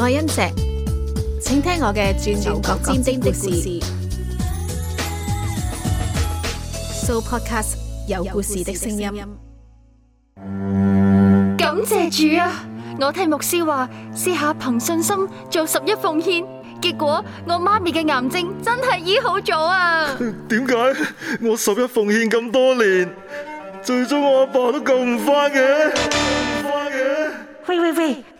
我係恩石，請聽我嘅轉轉角尖尖的故事。So Podcast，有故事的聲音。感謝主啊！我聽牧師話，試下憑信心做十一奉獻，結果我媽咪嘅癌症真係醫好咗啊！點解我十一奉獻咁多年，最終我阿爸都救唔返嘅？救唔返嘅？喂喂喂！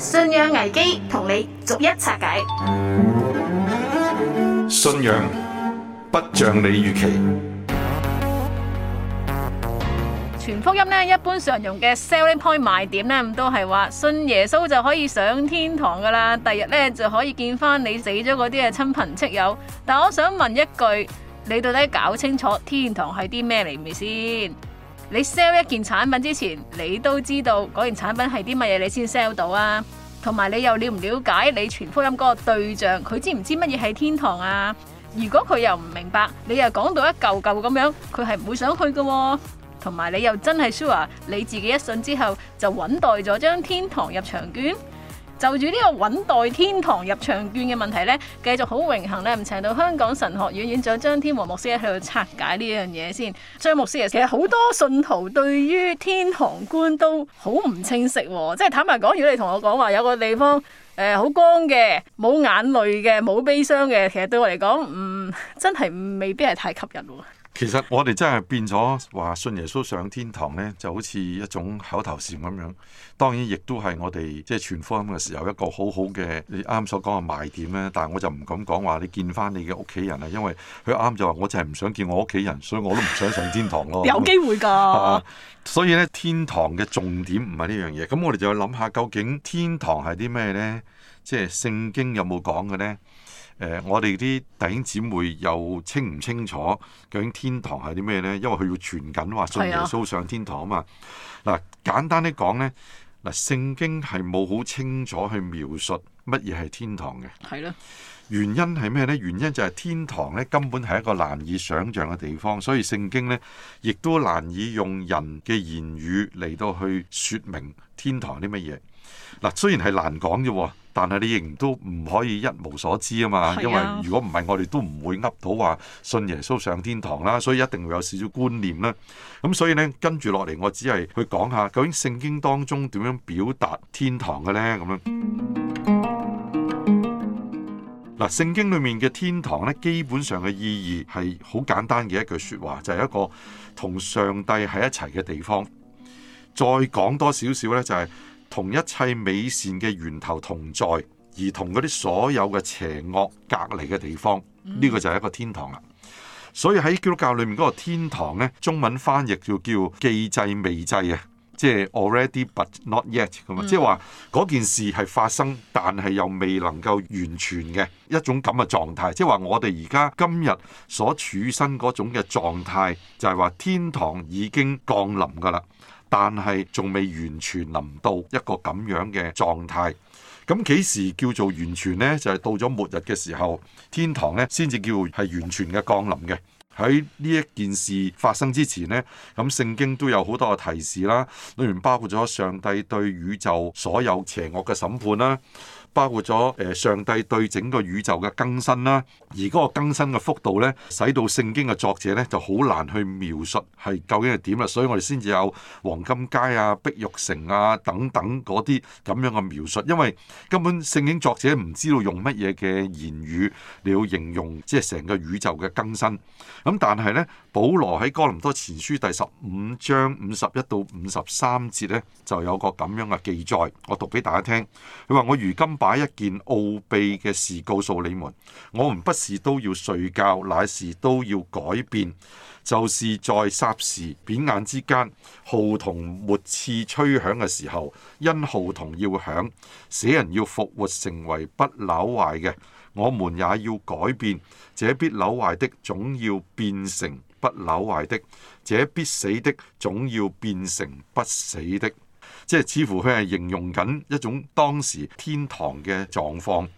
信仰危機同你逐一拆解。信仰不像你預期。傳福音呢，一般常用嘅 selling point 賣點呢，都係話信耶穌就可以上天堂噶啦，第日呢，就可以見返你死咗嗰啲嘅親朋戚友。但我想問一句，你到底搞清楚天堂係啲咩嚟未先？你 sell 一件產品之前，你都知道嗰件產品係啲乜嘢，你先 sell 到啊。同埋你又了唔了解你傳福音嗰個對象，佢知唔知乜嘢係天堂啊？如果佢又唔明白，你又講到一嚿嚿咁樣，佢係唔會想去嘅喎，啊。同埋你又真係 sure 你自己一信之後就揾代咗張天堂入場券。就住呢個揾代天堂入場券嘅問題呢，繼續好榮幸呢，唔請到香港神學院院長張天和牧師去度拆解呢樣嘢先。張牧師，其實好多信徒對於天堂觀都好唔清晰喎，即係坦白講，如果你同我講話有個地方誒好、呃、光嘅，冇眼淚嘅，冇悲傷嘅，其實對我嚟講，嗯，真係未必係太吸引喎。其實我哋真係變咗話信耶穌上天堂呢，就好似一種口頭禪咁樣。當然，亦都係我哋即係傳福音嘅時候一個好好嘅，你啱所講嘅賣點咧。但係我就唔敢講話你見翻你嘅屋企人啊，因為佢啱就話我就係唔想見我屋企人，所以我都唔想上天堂咯。 有機會噶。啊，所以呢，天堂嘅重點唔係呢樣嘢。咁我哋就要諗下究竟天堂係啲咩呢？即係聖經有冇講嘅呢？誒，我哋啲弟兄姊妹又清唔清楚究竟天堂係啲咩呢？因為佢要傳緊話信耶穌上天堂啊嘛。嗱的，簡單啲講呢，嗱聖經係冇好清楚去描述乜嘢係天堂嘅。的原因係咩呢？原因就係天堂呢根本係一個難以想像嘅地方，所以聖經呢亦都難以用人嘅言語嚟到去説明天堂啲乜嘢。嗱，雖然係難講嘅。但係你亦都唔可以一無所知啊嘛，啊因為如果唔係，我哋都唔會噏到話信耶穌上天堂啦，所以一定會有少少觀念啦。咁所以呢，跟住落嚟，我只係去講下究竟聖經當中點樣表達天堂嘅呢。咁樣。嗱，聖經裡面嘅天堂呢，基本上嘅意義係好簡單嘅一句説話，就係一個同上帝喺一齊嘅地方。再講多少少呢，就係。同一切美善嘅源頭同在，而同嗰啲所有嘅邪惡隔離嘅地方，呢、這個就係一個天堂啦。所以喺基督教裏面嗰個天堂呢，中文翻譯叫叫既濟未濟啊，即係 already but not yet 咁、嗯、即係話嗰件事係發生，但係又未能夠完全嘅一種咁嘅狀態。即係話我哋而家今日所處身嗰種嘅狀態，就係、是、話天堂已經降臨噶啦。但係仲未完全臨到一個咁樣嘅狀態，咁幾時叫做完全呢？就係、是、到咗末日嘅時候，天堂呢先至叫係完全嘅降臨嘅。喺呢一件事發生之前呢，咁聖經都有好多嘅提示啦，例如包括咗上帝對宇宙所有邪惡嘅審判啦。包括咗誒上帝對整個宇宙嘅更新啦，而嗰個更新嘅幅度咧，使到聖經嘅作者咧就好難去描述係究竟係點啦，所以我哋先至有黃金街啊、碧玉城啊等等嗰啲咁樣嘅描述，因為根本聖經作者唔知道用乜嘢嘅言語嚟到形容即係成個宇宙嘅更新。咁但係咧，保羅喺哥林多前書第十五章五十一到五十三節咧就有個咁樣嘅記載，我讀俾大家聽。佢話我如今，把一件奧秘嘅事告訴你們，我們不是都要睡覺，乃是都要改變。就是在霎時扁眼之間，號筒末次吹響嘅時候，因號筒要響，死人要復活成為不朽壞嘅，我們也要改變。這必朽壞的總要變成不朽壞的，這必死的總要變成不死的。即係似乎佢係形容緊一種當時天堂嘅狀況，啊、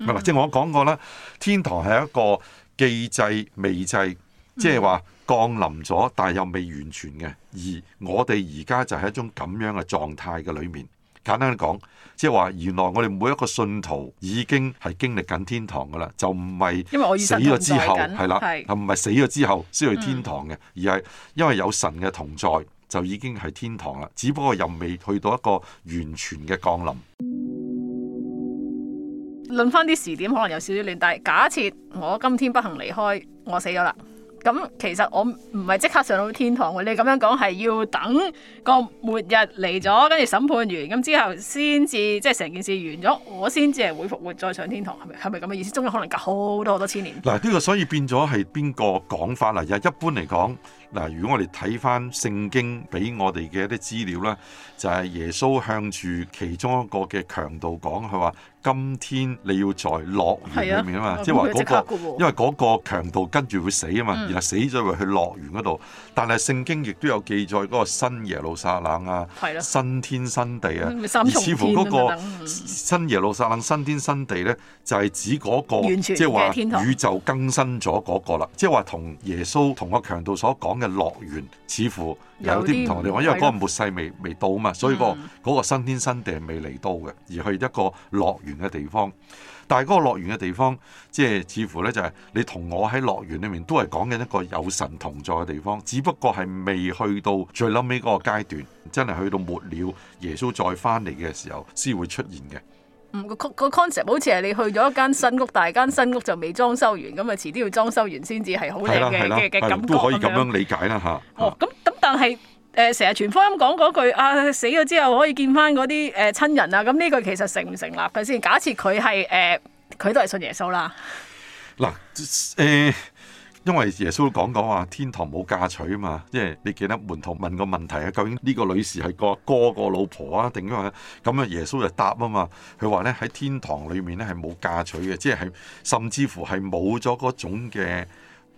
嗯！即係我講過啦，天堂係一個既制未制，嗯、即係話降臨咗，但係又未完全嘅。而我哋而家就係一種咁樣嘅狀態嘅裏面。簡單啲講，即係話原來我哋每一個信徒已經係經歷緊天堂噶啦，就唔係死咗之後係啦，唔係死咗之後先去天堂嘅，而係、嗯、因為有神嘅同在。就已經係天堂啦，只不過又未去到一個完全嘅降臨。論翻啲時點，可能有少少亂，但係假設我今天不幸離開，我死咗啦。咁其實我唔係即刻上到天堂喎，你咁樣講，係要等個末日嚟咗，跟住審判完咁之後，先至即係成件事完咗，我先至係會復活，再上天堂，係咪係咪咁嘅意思？中間可能隔好多好多千年。嗱，呢個所以變咗係邊個講法嚟啊？一般嚟講，嗱，如果我哋睇翻聖經俾我哋嘅一啲資料咧，就係、是、耶穌向住其中一個嘅強盜講，佢話。今天你要在樂園裏面啊嘛，啊即係話嗰個，因為嗰個強盜跟住會死啊嘛，然後、嗯、死咗會去樂園嗰度。但係聖經亦都有記載嗰個新耶路撒冷啊，係嘅新天新地啊，啊而似乎嗰個新耶路撒冷，新天新地咧，就係、係，指嗰，嗰個即係話宇宙更新咗嗰個啦，即係話同耶穌同嗰強盜所講嘅樂園，似乎有啲唔同嘅地方。因為嗰個末世未未到啊嘛，所以，嗰個嗰，嗯、個新天新地未嚟到嘅，而去一個樂園嘅地方。但係嗰個樂園嘅地方，即係似乎呢，就係你同我喺樂園裏面都係講緊一個有神同在嘅地方，只不過係未去到最冧尾嗰個階段，真係去到末了，耶穌再翻嚟嘅時候先會出現嘅。嗯，個 concept 好似係你去咗一間新屋，但係間新屋就未裝修完，咁啊遲啲要裝修完先至係好靚嘅嘅感覺都可以咁樣理解啦吓。哦，咁咁但係。誒，成日全科咁講嗰句，阿、啊、死咗之後可以見翻嗰啲誒親人啊，咁呢句其實成唔成立嘅先？假設佢係誒，佢、呃、都係信耶穌啦。嗱，誒、呃，因為耶穌講講話天堂冇嫁娶啊嘛，即係你記得門徒問個問題啊，究竟呢個女士係個哥個老婆啊定點樣咧？咁啊，耶穌就答啊嘛，佢話咧喺天堂裏面咧係冇嫁娶嘅，即係甚至乎係冇咗嗰種嘅誒、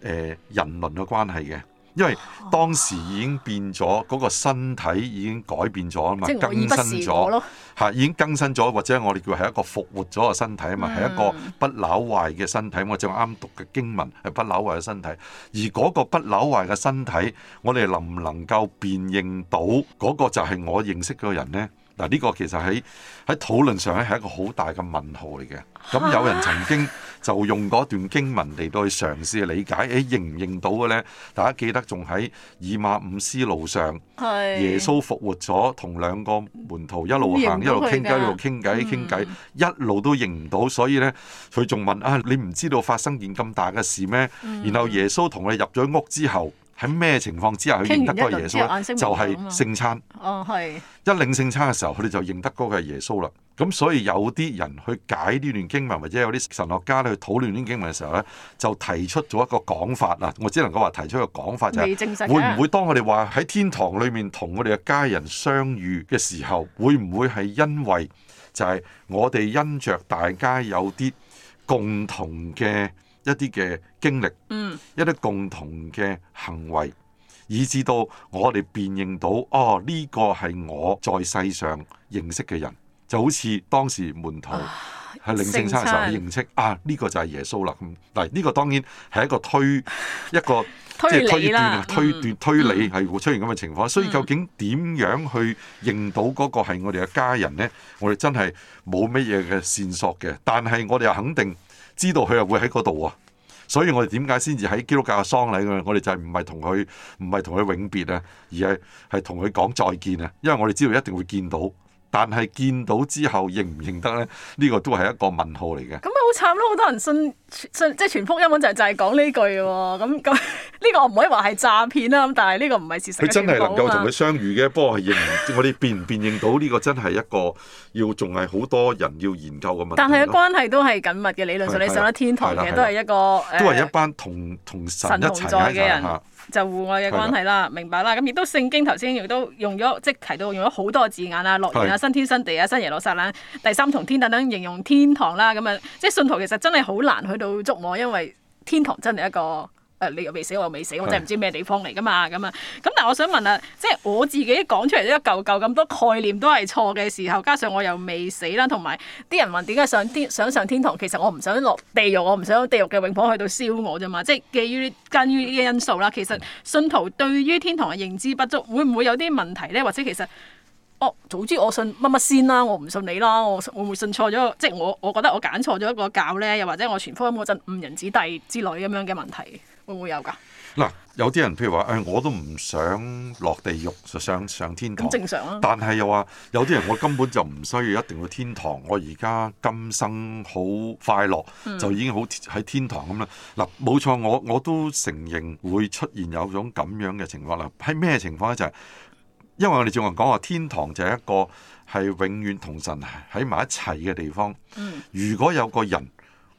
呃、人倫嘅關係嘅。因為當時已經變咗，嗰、那個身體已經改變咗啊嘛，更新咗嚇，已經更新咗，或者我哋叫係一個復活咗嘅身體啊嘛，係、嗯、一個不朽壞嘅身體。我正啱讀嘅經文係不朽壞嘅身體，而嗰個不朽壞嘅身體，我哋能唔能夠辨認到嗰、那個就係我認識嘅人呢？嗱，呢個其實喺喺討論上咧係一個好大嘅問號嚟嘅。咁有人曾經，就用嗰段經文嚟到去嘗試去理解，誒、欸、認唔認到嘅咧？大家記得仲喺以馬五思路上，是耶穌復活咗，同兩個門徒一路行，一路傾偈，一路傾偈傾偈，嗯、一路都認唔到，所以咧佢仲問啊：你唔知道發生件咁大嘅事咩？嗯、然後耶穌同佢入咗屋之後。喺咩情況之下佢認得嗰個耶穌咧？啊、就係聖餐。哦，係。一領聖餐嘅時候，佢哋就認得嗰個係耶穌啦。咁所以有啲人去解呢段經文，或者有啲神學家咧去討論呢段經文嘅時候咧，就提出咗一個講法啦。我只能夠話提出一個講法就係、是：會唔會當我哋話喺天堂裏面同我哋嘅家人相遇嘅時候，會唔會係因為就係我哋因着大家有啲共同嘅？一啲嘅經歷，一啲共同嘅行為，以致到我哋辨認到哦呢、這個係我在世上認識嘅人，就好似當時門徒喺領聖餐嘅時候認識啊呢、這個就係耶穌啦咁。嗱呢個當然係一個推一個即係 推斷啦、推斷、推理係會出現咁嘅情況。所以究竟點樣去認到嗰個係我哋嘅家人咧？我哋真係冇乜嘢嘅線索嘅，但係我哋又肯定。知道佢又會喺嗰度啊，所以我哋點解先至喺基督教嘅喪禮度？我哋就係唔係同佢唔係同佢永別啊，而係係同佢講再見啊，因為我哋知道一定會見到。但係見到之後認唔認得咧？呢、這個都係一個問號嚟嘅。咁咪好慘咯！好多人信信,信即係全福音本就係就係講呢句喎。咁咁呢個我唔可以話係詐騙啦。但係呢個唔係事實。佢真係能夠同佢相遇嘅， 不過係認我哋辨唔辨認到呢個真係一個要仲係好多人要研究嘅問題。 但係關係都係緊密嘅。理論上 你上咗天堂嘅，都係一個 都係一班同同神一齊嘅人。 就戶外嘅關係啦，的明白啦。咁亦都聖經頭先亦都用咗，即係提到用咗好多字眼啦，樂園啊，新天新地啊，新耶路撒冷，第三重天等等，形容天堂啦。咁樣即係信徒其實真係好難去到觸摸，因為天堂真係一個。誒、呃，你又未死，我又未死，我真係唔知咩地方嚟㗎嘛？咁啊，咁但係我想問啊，即係我自己講出嚟一嚿嚿咁多概念都係錯嘅時候，加上我又未死啦，同埋啲人問點解上天想上天堂，其實我唔想落地獄，我唔想地獄嘅永火去到燒我啫嘛。即係基於根於呢啲因素啦。其實信徒對於天堂嘅認知不足，會唔會有啲問題咧？或者其實哦，早知我信乜乜先啦，我唔信你啦，我會唔會信錯咗，即係我我覺得我揀錯咗一個教咧，又或者我傳福音嗰陣誤人子弟之類咁樣嘅問題。會，會有噶。嗱、啊，有啲人譬如話誒、哎，我都唔想落地獄，就上上天堂正常、啊、但係又話有啲人，我根本就唔需要一定要天堂，我而家今生好快樂，就已經好喺天、嗯、天堂咁啦。嗱、啊，冇錯，我我都承認會出現有種咁樣嘅情況啦。係咩情況咧？就係、是、因為我哋正話講話天堂就係一個係永遠同神喺埋一齊嘅地方。嗯、如果有個人。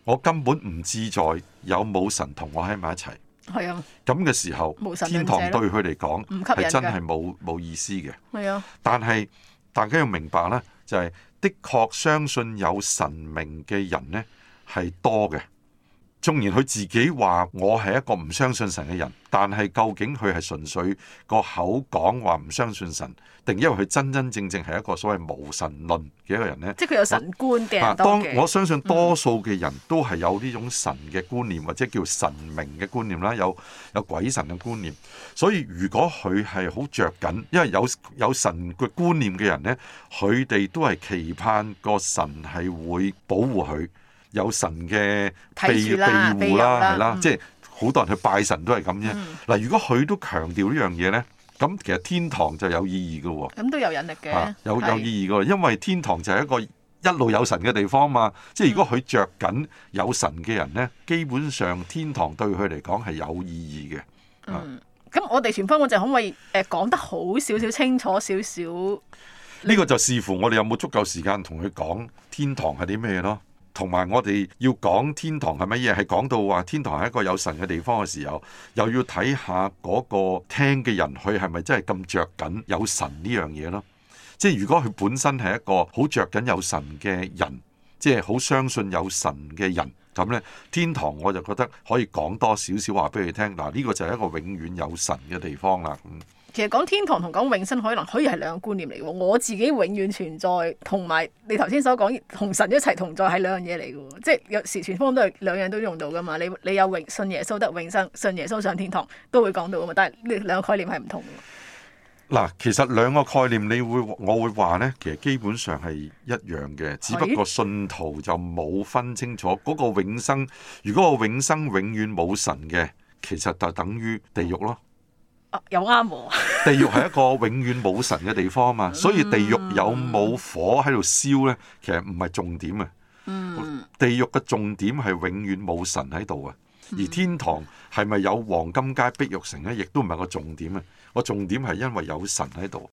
我根本唔自在，有在，有冇神同我喺埋一齊？係啊，咁嘅時候，天堂對佢嚟講係真係冇冇意思嘅。啊、但係大家要明白呢就係、是、的確相信有神明嘅人呢係多嘅。縱然佢自己話，我係一個唔相信神嘅人，但係究竟佢係純粹個口講話唔相信神，定因為佢真真正正係一個所謂無神論嘅一個人咧？即係佢有神觀嘅。我當我相信多數嘅人都係有呢種神嘅觀念，嗯、或者叫神明嘅觀念啦，有有鬼神嘅觀念。所以如果佢係好着緊，因為有有神嘅觀念嘅人咧，佢哋都係期盼個神係會保護佢。有神嘅庇庇護啦，係啦，的嗯、即係好多人去拜神都係咁啫。嗱、嗯，如果佢都強調呢樣嘢咧，咁其實天堂就有意義嘅喎。咁、嗯、都有引力嘅，有有意義嘅，因為天堂就係一個一路有神嘅地方嘛。即係如果佢着緊有神嘅人咧，嗯、基本上天堂對佢嚟講係有意義嘅。嗯，咁我哋傳福音，我就可唔可以誒講得好少少清楚少少？呢、嗯、個就視乎我哋有冇足夠時間同佢講天堂係啲咩咯？同埋我哋要講天堂係乜嘢，係講到話天堂係一個有神嘅地方嘅時候，又要睇下嗰個聽嘅人，佢係咪真係咁着緊有神呢樣嘢咯？即係如果佢本身係一個好着緊有神嘅人，即係好相信有神嘅人，咁呢天堂我就覺得可以講多少少話俾佢聽。嗱，呢、這個就係一個永遠有神嘅地方啦。其實講天堂同講永生可能可以係兩個觀念嚟嘅，我自己永遠存在，同埋你頭先所講同神一齊同在係兩樣嘢嚟嘅，即係有時雙方都係兩樣都用到噶嘛。你你有永信耶穌得永生，信耶穌上天堂都會講到噶嘛。但係呢兩個概念係唔同嘅。嗱，其實兩個概念你會我會話咧，其實基本上係一樣嘅，只不過信徒就冇分清楚嗰個永生。如果個永生永遠冇神嘅，其實就等於地獄咯。啊、又啱喎。 地獄係一個永遠冇神嘅地方啊嘛，所以地獄有冇火喺度燒呢？其實唔係重點啊。地獄嘅重點係永遠冇神喺度啊，而天堂係咪有黃金街、碧玉城呢？亦都唔係個重點啊。個重點係因為有神喺度。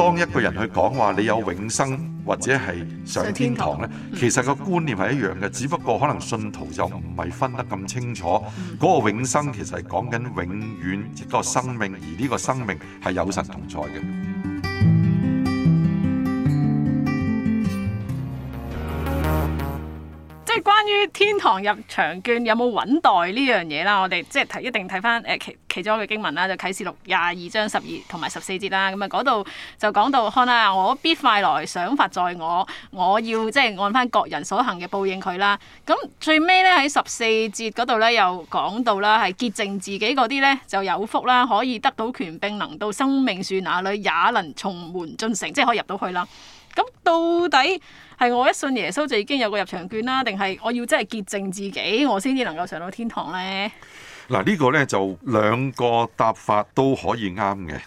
當一個人去講話你有永生或者係上天堂咧，其實個觀念係一樣嘅，只不過可能信徒就唔係分得咁清楚。嗰個永生其實係講緊永遠，即係個生命，而呢個生命係有神同在嘅。即係關於天堂入場券有冇穩袋呢樣嘢啦，我哋即係睇一定睇翻誒其其中一個經文啦，就啟示錄廿二章十二同埋十四節啦，咁啊嗰度就講到，看啦，我必快來，想法在我，我要即係按翻各人所行嘅報應佢啦。咁最尾咧喺十四節嗰度咧又講到啦，係潔淨自己嗰啲咧就有福啦，可以得到權柄，能到生命樹那裡，也能從門進城，即係可以入到去啦。咁到底？係我一信耶穌就已經有個入場券啦，定係我要真係潔淨自己，我先至能夠上到天堂呢？嗱，呢個呢，就兩個答法都可以啱嘅。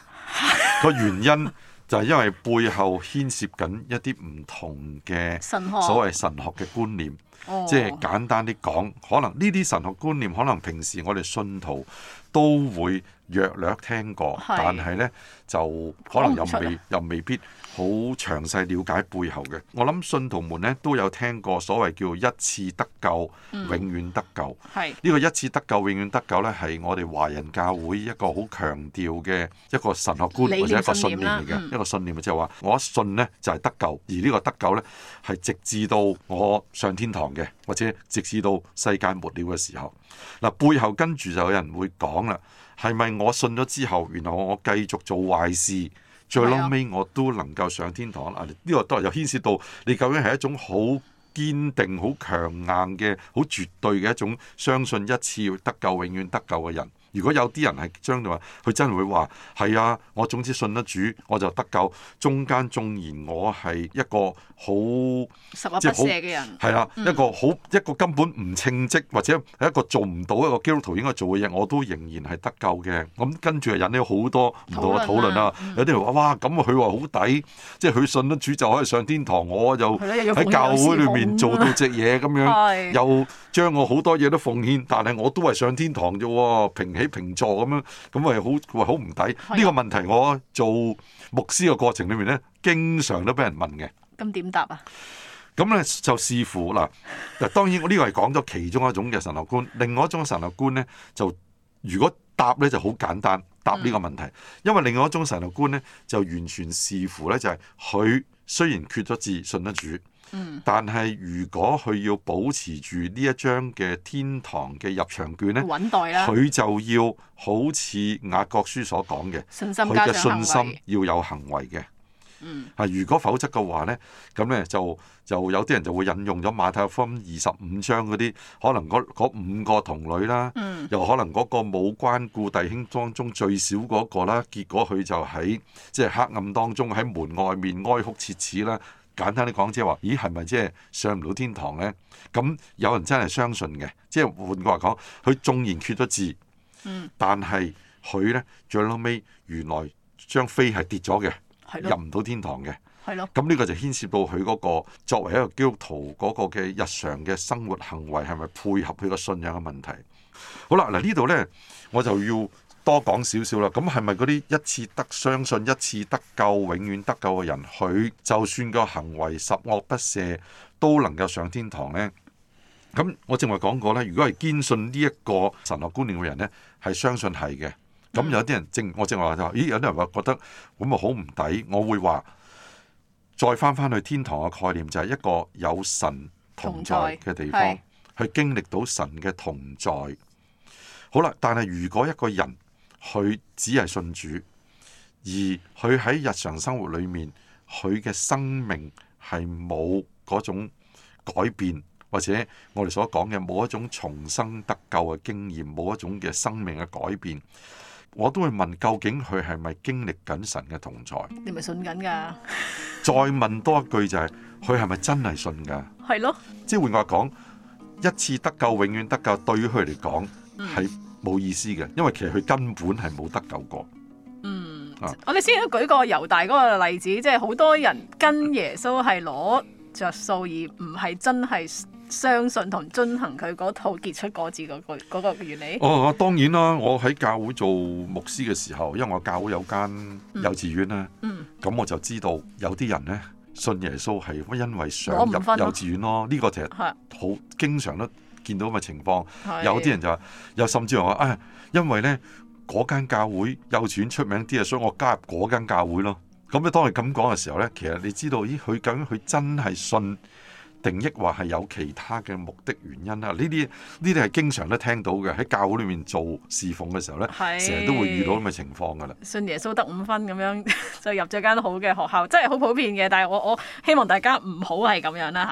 個 原因就係因為背後牽涉緊一啲唔同嘅所謂神學嘅觀念。學即係簡單啲講，可能呢啲神學觀念，可能平時我哋信徒。都會略略聽過，但係呢就可能又未又未必好詳細了解背後嘅。我諗信徒們咧都有聽過所謂叫一次得救，永遠得救。呢、嗯、個一次得救，永遠得救呢係我哋華人教會一個好強調嘅一個神學觀念念或者一個信念嚟嘅、嗯、一個信念就信，就係話我一信呢就係得救，而呢個得救呢係直至到我上天堂嘅，或者直至到世界末了嘅時候。嗱，背後跟住就有人會講啦，係咪我信咗之後，原來我繼續做壞事，最撈尾我都能夠上天堂啦？呢、啊、個都係又牽涉到你究竟係一種好堅定、好強硬嘅、好絕對嘅一種相信一次要得救、永遠得救嘅人。如果有啲人係將你話，佢真係會話係啊！我總之信得主，我就得救。中間縱然我係一個好即係好嘅人，係啊，嗯、一個好一個根本唔稱職或者係一個做唔到一個基督徒應該做嘅嘢，我都仍然係得救嘅。咁、嗯、跟住又引起好多唔同嘅討論啦。論啊嗯、有啲人話：哇，咁佢話好抵，即係佢信得主就可以上天堂。我又喺教會裏面做到隻嘢咁樣，嗯、又將我好多嘢都奉獻，但係我都係上天堂啫喎，平坐咁樣，咁我好好唔抵，呢個問題。我做牧師嘅過程裏面咧，經常都俾人問嘅。咁點答啊？咁咧就視乎啦。嗱，當然我呢個係講咗其中一種嘅神學觀，另外一種神學觀咧就如果答咧就好簡單答呢個問題，嗯、因為另外一種神學觀咧就完全視乎咧就係佢雖然決咗志，信得主。但係如果佢要保持住呢一張嘅天堂嘅入場券呢，佢就要好似雅各書所講嘅，佢嘅信，信心要有行為嘅。嗯，係如果否則嘅話呢，咁呢就就有啲人就會引用咗馬太福音二十五章嗰啲，可能嗰五個童女啦，嗯、又可能嗰個冇關顧弟兄當中最少嗰個啦，結果佢就喺即係黑暗當中喺門外面哀哭切齒啦。簡單啲講，即係話，咦，係咪即係上唔到天堂咧？咁有人真係相信嘅，即係換句話講，佢縱然缺咗字，嗯，但係佢咧最嬲尾，原來張飛係跌咗嘅，入唔到天堂嘅，係咯。咁呢個就牽涉到佢嗰個作為一個基督徒嗰個嘅日常嘅生活行為係咪配合佢個信仰嘅問題？好啦，嗱呢度咧我就要。多講少少啦，咁係咪嗰啲一次得相信一次得救、永遠得救嘅人，佢就算個行為十惡不赦，都能夠上天堂呢？咁我正話講過咧，如果係堅信呢一個神學觀念嘅人呢，係相信係嘅。咁有啲人正，我正話就咦有啲人話覺得咁啊好唔抵，我會話再返返去天堂嘅概念就係、是、一個有神同在嘅地方，去經歷到神嘅同在。好啦，但係如果一個人，佢只係信主，而佢喺日常生活裏面，佢嘅生命係冇嗰種改變，或者我哋所講嘅冇一種重生得救嘅經驗，冇一種嘅生命嘅改變，我都會問究竟佢係咪經歷緊神嘅同在？你咪信緊噶？ 再問多一句就係佢係咪真係信噶？係咯的，即係換話講，一次得救，永遠得救，對於佢嚟講係。嗯冇意思嘅，因為其實佢根本係冇得救過。嗯，是我哋先舉個猶大嗰個例子，即係好多人跟耶穌係攞着數而唔係真係相信同遵行佢嗰套結出果子嗰、那個原理。哦、啊啊，當然啦，我喺教會做牧師嘅時候，因為我教會有間幼稚園咧，咁、嗯嗯、我就知道有啲人呢，信耶穌係因為想入幼稚園咯，呢、這個就係好經常咧。見到咁嘅情況，有啲人就話，又甚至話啊，因為咧嗰間教會幼稚園出名啲啊，所以我加入嗰間教會咯。咁咧，當佢咁講嘅時候咧，其實你知道，咦？佢究竟佢真係信定抑或係有其他嘅目的原因啦？呢啲呢啲係經常都聽到嘅，喺教會裏面做侍奉嘅時候咧，成日是都會遇到咁嘅情況噶啦。信耶穌得五分咁樣就入咗間好嘅學校，真係好普遍嘅。但係我我希望大家唔好係咁樣啦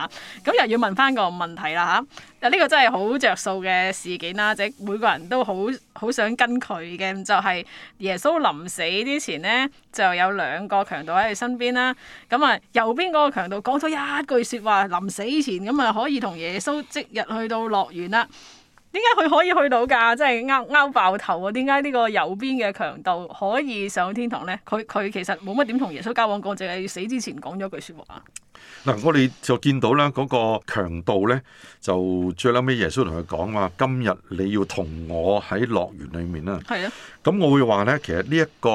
吓，咁、啊啊、又要問翻個問題啦嚇。啊啊！呢個真係好着數嘅事件啦，即每個人都好好想跟佢嘅，就係耶穌臨死之前呢，就有兩個強盜喺佢身邊啦。咁啊，右邊嗰個強盜講咗一句説話，臨死前咁啊，可以同耶穌即日去到樂園啦。點解佢可以去到㗎？真係拗拗爆頭啊。點解呢個右邊嘅強盜可以上天堂呢？佢佢其實冇乜點同耶穌交往過，淨係死之前講咗句説話。嗱、啊，我哋就見到啦，嗰、那個強盜咧，就最尾耶穌同佢講話，今日你要同我喺樂園裏面啦。啊的。咁我會話呢，其實呢、這、一個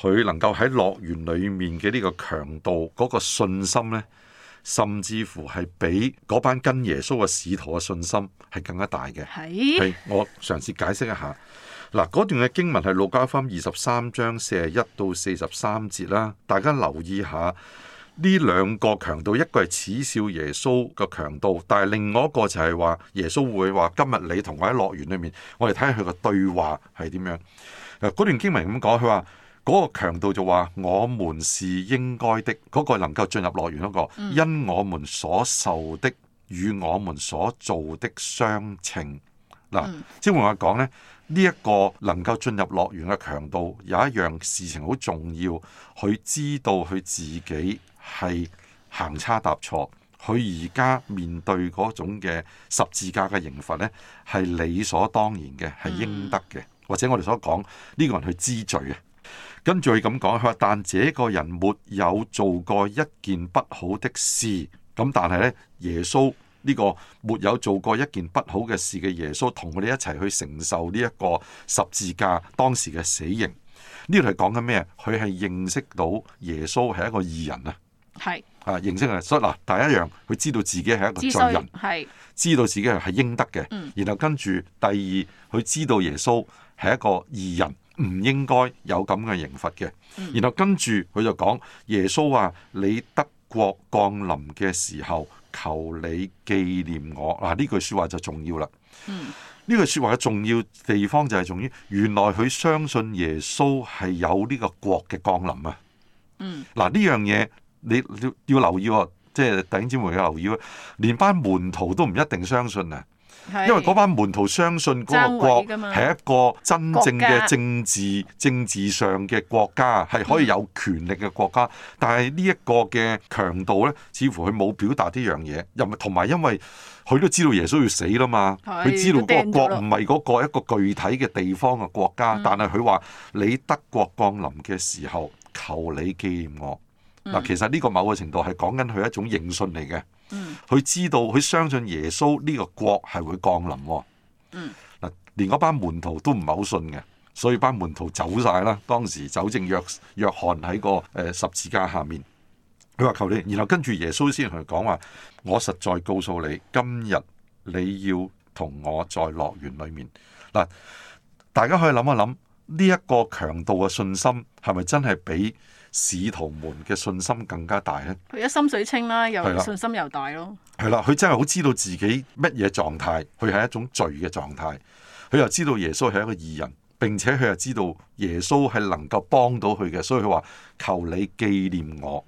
佢能夠喺樂園裏面嘅呢個強盜，嗰、那個信心呢，甚至乎係比嗰班跟耶穌嘅使徒嘅信心係更加大嘅。係的。我嘗試解釋一下。嗱、啊，嗰段嘅經文係《路加福音》二十三章四十一到四十三節啦，大家留意下。呢兩個強盜，一個係恥笑耶穌嘅強盜，但係另外一個就係話耶穌會話：今日你同我喺樂園裏面，我哋睇下佢個對話係點樣。嗰段經文咁講，佢話嗰個強盜就話：我們是應該的，嗰、那個能夠進入樂園嗰個，因我們所受的與我們所做的相稱。嗱，即係話講呢一、這個能夠進入樂園嘅強盜，有一樣事情好重要，佢知道佢自己。係行差踏錯，佢而家面對嗰種嘅十字架嘅刑罰呢，係理所當然嘅，係應得嘅，或者我哋所講呢、這個人去知罪啊。跟住佢咁講，但這個人沒有做過一件不好的事，咁但係呢，耶穌呢、這個沒有做過一件不好嘅事嘅耶穌，同佢哋一齊去承受呢一個十字架當時嘅死刑。呢度係講緊咩？佢係認識到耶穌係一個義人啊！係是啊，認罪啊！所以嗱，第一樣佢知道自己係一個罪人，知，知道自己係應得嘅。嗯、然後跟住第二，佢知道耶穌係一個義人，唔應該有咁嘅刑罰嘅。嗯、然後跟住佢就講耶穌話，你得國降臨嘅時候，求你紀念我。嗱、啊，呢句說話就重要啦。呢、嗯、句說話嘅重要地方就係在於原來佢相信耶穌係有呢個國嘅降臨啊。嗱、啊，呢樣嘢。你要要留意喎、哦，即係弟兄姊妹要留意啊、哦！連班門徒都唔一定相信啊，因為嗰班門徒相信嗰個國係一個真正嘅政治政治上嘅國家，係可以有權力嘅國家。但係呢一個嘅強盜呢，似乎佢冇表達呢樣嘢，又同埋因為佢都知道耶穌要死啦嘛，佢知道個國唔係嗰個一個具體嘅地方嘅國家，但係佢話你得國降臨嘅時候，求你記念我。嗱，其實呢個某個程度係講緊佢一種認信嚟嘅，佢知道佢相信耶穌呢個國係會降臨。嗯，嗱，連嗰班門徒都唔係好信嘅，所以班門徒走晒啦。當時走剩約約翰喺個誒十字架下面，佢話求你，然後跟住耶穌先同佢講話：我實在告訴你，今日你要同我在樂園裏面。嗱，大家可以諗一諗，呢一個強度嘅信心係咪真係俾？使徒們嘅信心更加大咧，佢一心水清啦，啊，又信心又大咯。係啦，佢真係好知道自己乜嘢狀態，佢係一種罪嘅狀態。佢又知道耶穌係一個義人，並且佢又知道耶穌係能夠幫到佢嘅，所以佢話求你紀念我。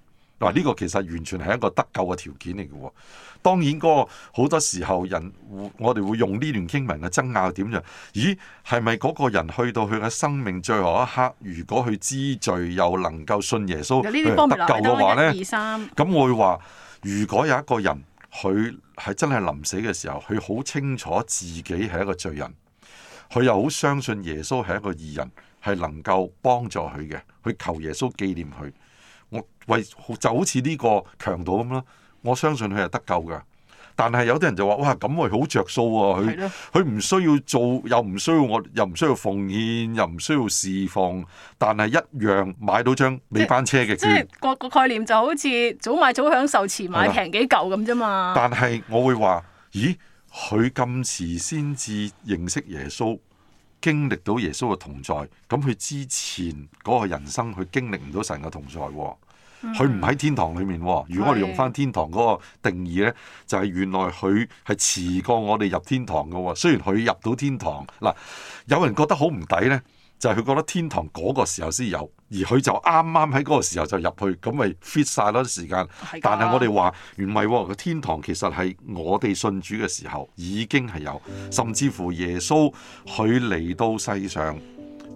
呢個其實完全係一個得救嘅條件嚟嘅喎。當然嗰好多時候人，我哋會用呢段經文嘅爭拗點樣？咦，係咪嗰個人去到佢嘅生命最後一刻，如果佢知罪又能夠信耶穌得救嘅話呢？咁我會話，如果有一個人佢係真係臨死嘅時候，佢好清楚自己係一個罪人，佢又好相信耶穌係一個義人，係能夠幫助佢嘅，去求耶穌紀念佢。喂就好似呢個強度咁咯，我相信佢係得救㗎。但係有啲人就話，哇，咁咪好着數啊！佢佢唔需要做，又唔需要我，又唔需要奉獻，又唔需要侍奉，但係一樣買到張尾班車嘅票。即係個概念就好似早買早享受，遲買平幾舊咁啫嘛。但係我會話，咦，佢咁遲先至認識耶穌，經歷到耶穌嘅同在，咁佢之前嗰個人生，佢經歷唔到神嘅同在。佢唔喺天堂裏面喎、哦。如果我哋用返天堂嗰個定義呢，的就係原來佢係遲過我哋入天堂嘅喎、哦。雖然佢入到天堂，嗱，有人覺得好唔抵呢，就係、是、佢覺得天堂嗰個時候先有，而佢就啱啱喺嗰個時候就入去，咁咪 fit 晒嗰啲時間。的但係我哋話，唔係個天堂其實係我哋信主嘅時候已經係有，甚至乎耶穌佢嚟到世上，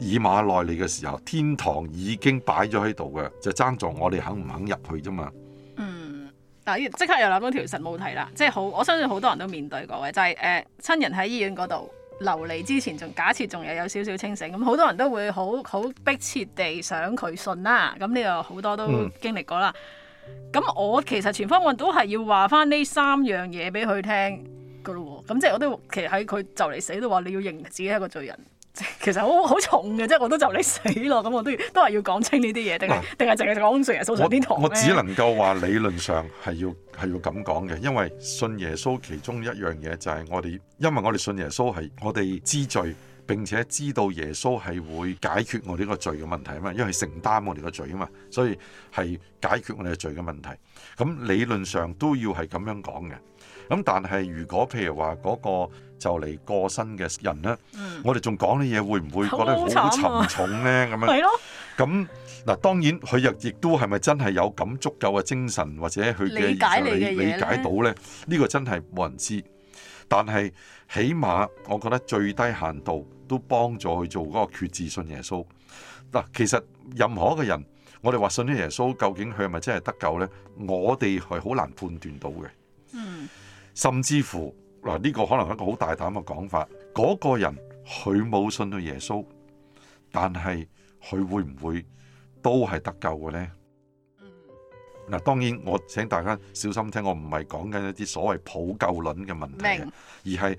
以馬內利嘅時候，天堂已經擺咗喺度嘅，就爭在我哋肯唔肯入去啫嘛。嗯，嗱，即刻又諗到條實務題啦，即係好我相信好多人都面對過嘅，就係誒親人喺醫院嗰度流離之前，仲假設仲有有少少清醒，咁好多人都會好好迫切地想佢信啦。咁呢個好多都經歷過啦。咁、嗯、我其實全方位都係要話翻呢三樣嘢俾佢聽嘅咯，咁即係我都其實喺佢就嚟死都話你要認自己係一個罪人。其實好好重嘅，即我都就你死咯，咁我都都係要講清、啊、講呢啲嘢，定係定係淨係講信耶穌上天堂咩？我我只能夠話理論上係要係要咁講嘅，因為信耶穌其中一樣嘢就係我哋，因為我哋信耶穌係我哋知罪，並且知道耶穌係會解決我呢個罪嘅問題啊嘛，因為承擔我哋個罪啊嘛，所以係解決我哋嘅罪嘅問題。咁理論上都要係咁樣講嘅。咁但係如果譬如話嗰個就嚟過身嘅人咧，我哋仲講啲嘢會唔會覺得好沉重咧？咁樣係咯。咁嗱，當然佢又亦都係咪真係有咁足夠嘅精神，或者佢嘅理解理解到咧？呢個真係冇人知。但係起碼我覺得最低限度都幫助去做嗰個決志信耶穌。嗱，其實任何一個人，我哋話信呢耶穌究竟佢係咪真係得救咧？我哋係好難判斷到嘅。嗯。甚至乎嗱，呢個可能係一個好大膽嘅講法，嗰個人佢冇信到耶穌，但係佢會唔會都係得救嘅呢？嗱，當然我請大家小心聽，我唔係講緊一啲所謂普救論嘅問題，而係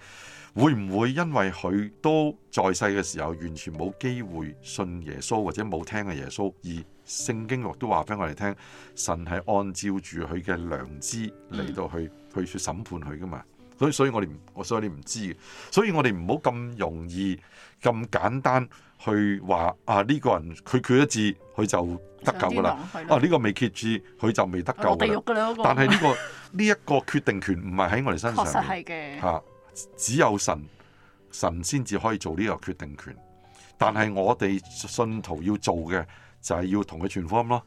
會唔會因為佢都在世嘅時候完全冇機會信耶穌或者冇聽啊耶穌而聖經都話俾我哋聽，神係按照住佢嘅良知嚟到去、嗯、去判審判佢㗎嘛，所以所以我哋我所以你唔知所以我哋唔好咁容易咁簡單去話啊呢、呢個人佢決咗志，佢就得救㗎喇啊呢、呢個未決志，佢就未得救。嗰個、但係呢、嗰個呢一 個決定權唔係喺我哋身上，嚇、啊、只有神神先至可以做呢個決定權。但係我哋信徒要做嘅，就係要同佢傳福音咯，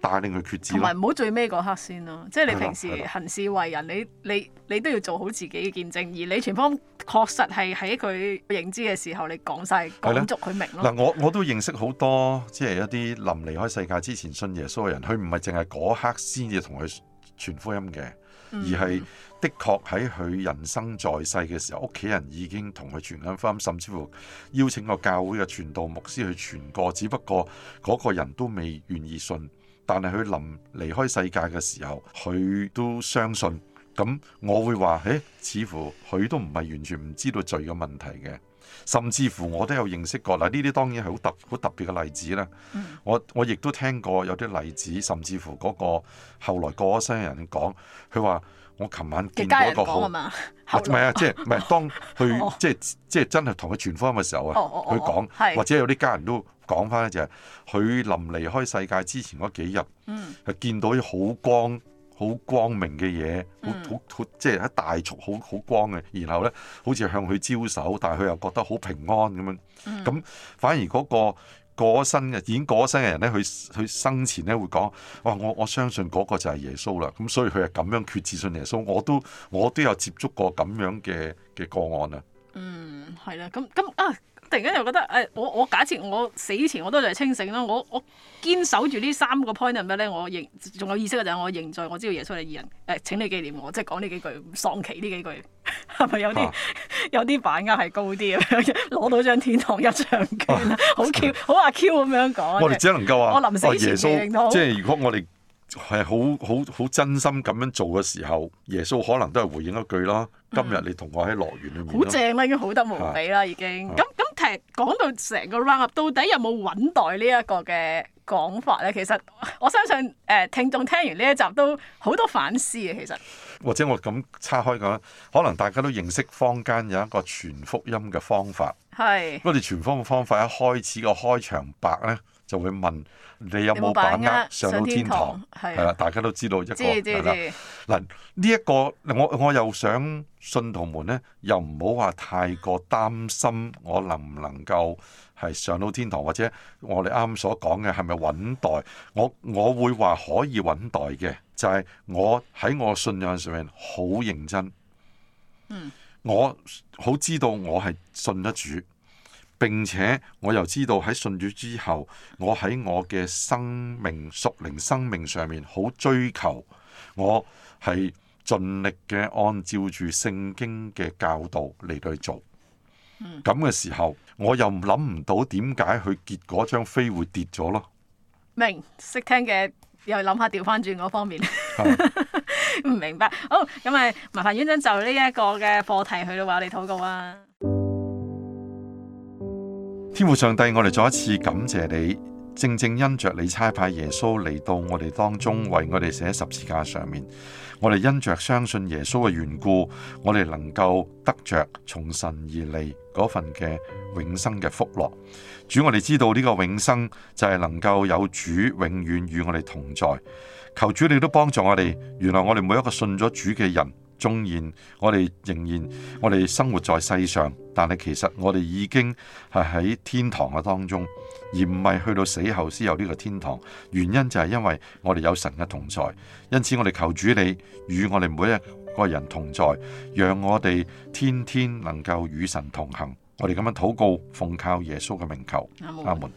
帶領佢決志咯。唔係唔好最尾嗰刻先咯，即係你平時行事為人，你你你都要做好自己嘅見證。而你傳福音確實係喺佢認知嘅時候，你講晒、啊、講足佢明咯。嗱，我我都認識好多，即係的一啲臨離開世界之前信耶穌嘅人，佢唔係淨係嗰刻先至同佢。傳福音嘅，而係的確喺佢人生在世嘅時候，屋企人已經同佢傳緊福音，甚至乎邀請個教會嘅傳道牧師去傳過，只不過嗰個人都未願意信。但係佢臨離開世界嘅時候，佢都相信。咁我會話，誒、欸，似乎佢都唔係完全唔知道罪嘅問題嘅。甚至乎我都有認識過。嗱，呢啲當然係好特好特別嘅例子啦，嗯。我我亦都聽過有啲例子，甚至乎嗰、那個後來過咗身嘅人講，佢話我琴晚見到一個好，唔係啊，即係唔係當佢即係即係真係同佢傳福音嘅時候啊，佢、哦哦、講，哦哦、或者有啲家人都講翻就係、是、佢臨離開世界之前嗰幾日，佢見到啲好光。嗯好光明嘅嘢，好好即係喺大族好好光嘅，然後咧好似向佢招手，但係佢又覺得好平安咁樣，咁反而嗰、嗰個過咗身嘅，已經過身嘅人咧，佢佢生前咧會講，哇，我我相信嗰個就係耶穌啦，咁所以佢係咁樣決志信耶穌，我都我都有接觸過咁樣嘅嘅個案、嗯、啊，嗯，係啦，咁咁啊。突然間就覺得誒、哎，我我假設我死前我都係清醒咯，我我堅守住呢三個 point 係咩咧？我認仲有意識嘅就係我認罪。我知道耶穌係義人。誒、哎，請你紀念我，即係講呢幾句喪期呢幾句，係咪有啲、啊、 有啲把握係高啲啊？攞 到張天堂入場券，好 Q 好阿 Q 咁樣講。我哋只能夠話、啊、我臨死前認同、啊、耶穌即係如果我哋。係好好好真心咁樣做嘅時候，耶穌可能都係回應一句啦。今日你同我喺樂園裏面，好正啦，已經好得無比啦，已經是。咁咁其實講到成個 round up，到底有冇穩袋呢一個嘅講法咧？其實我相信誒、呃，聽眾聽完呢一集都好多反思嘅。其實或者我咁岔開講，可能大家都認識坊間有一個傳福音嘅方法，係不過你傳福音嘅方法一開始個開場白咧，就會問你有冇把握上到天堂？係啦，大家都知道一個係啦。嗱，呢一個我我又想信徒們咧，又唔好話太過擔心我能唔能夠係上到天堂，或者我哋啱啱所講嘅係咪穩待。我我會話可以穩待嘅，就係我喺我信仰上面好認真，嗯，我好知道我係信得住。並且我又知道喺信主之後，我喺我嘅生命屬靈生命上面好追求，我係盡力嘅按照住聖經嘅教導嚟去做，嗯。咁嘅時候，我又諗唔到點解佢結果將飛會跌咗咯？明識聽嘅，又諗下調翻轉嗰方面，唔 的 明白。好咁，咪麻煩院長就呢一個嘅課題去到話我哋禱告啊。天父上帝，我哋再一次感謝你，正正因着你差派耶穌嚟到我哋當中，為我哋寫十字架上面，我哋因着相信耶穌嘅緣故，我哋能夠得着從神而嚟嗰份嘅永生嘅福樂。主，我哋知道呢個永生就係能夠有主永遠與我哋同在。求主你都幫助我哋。原來我哋每一個信咗主嘅人，終現，我哋仍然，我哋生活在世上，但係其實我哋已經係喺天堂嘅當中，而唔係去到死後先有呢個天堂。原因就係因為我哋有神嘅同在，因此我哋求主，你與我哋每一個人同在，讓我哋天天能夠與神同行。我哋咁樣禱告，奉靠耶穌嘅名求，阿門。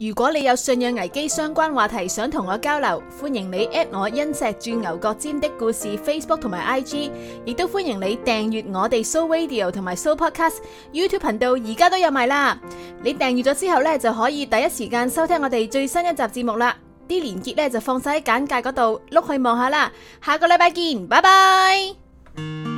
如果你有信仰危機相關話題想同我交流，歡迎你 at 我因石鑽牛角尖的故事 Facebook 同埋 IG，亦都歡迎你訂閱我哋 Show Radio 同埋 Show Podcast YouTube 頻道，而家都有埋啦。你訂閱咗之後呢，就可以第一時間收聽我哋最新一集節目啦。啲連結呢，就放晒喺簡介嗰度，碌去望下啦。下個禮拜見，拜拜。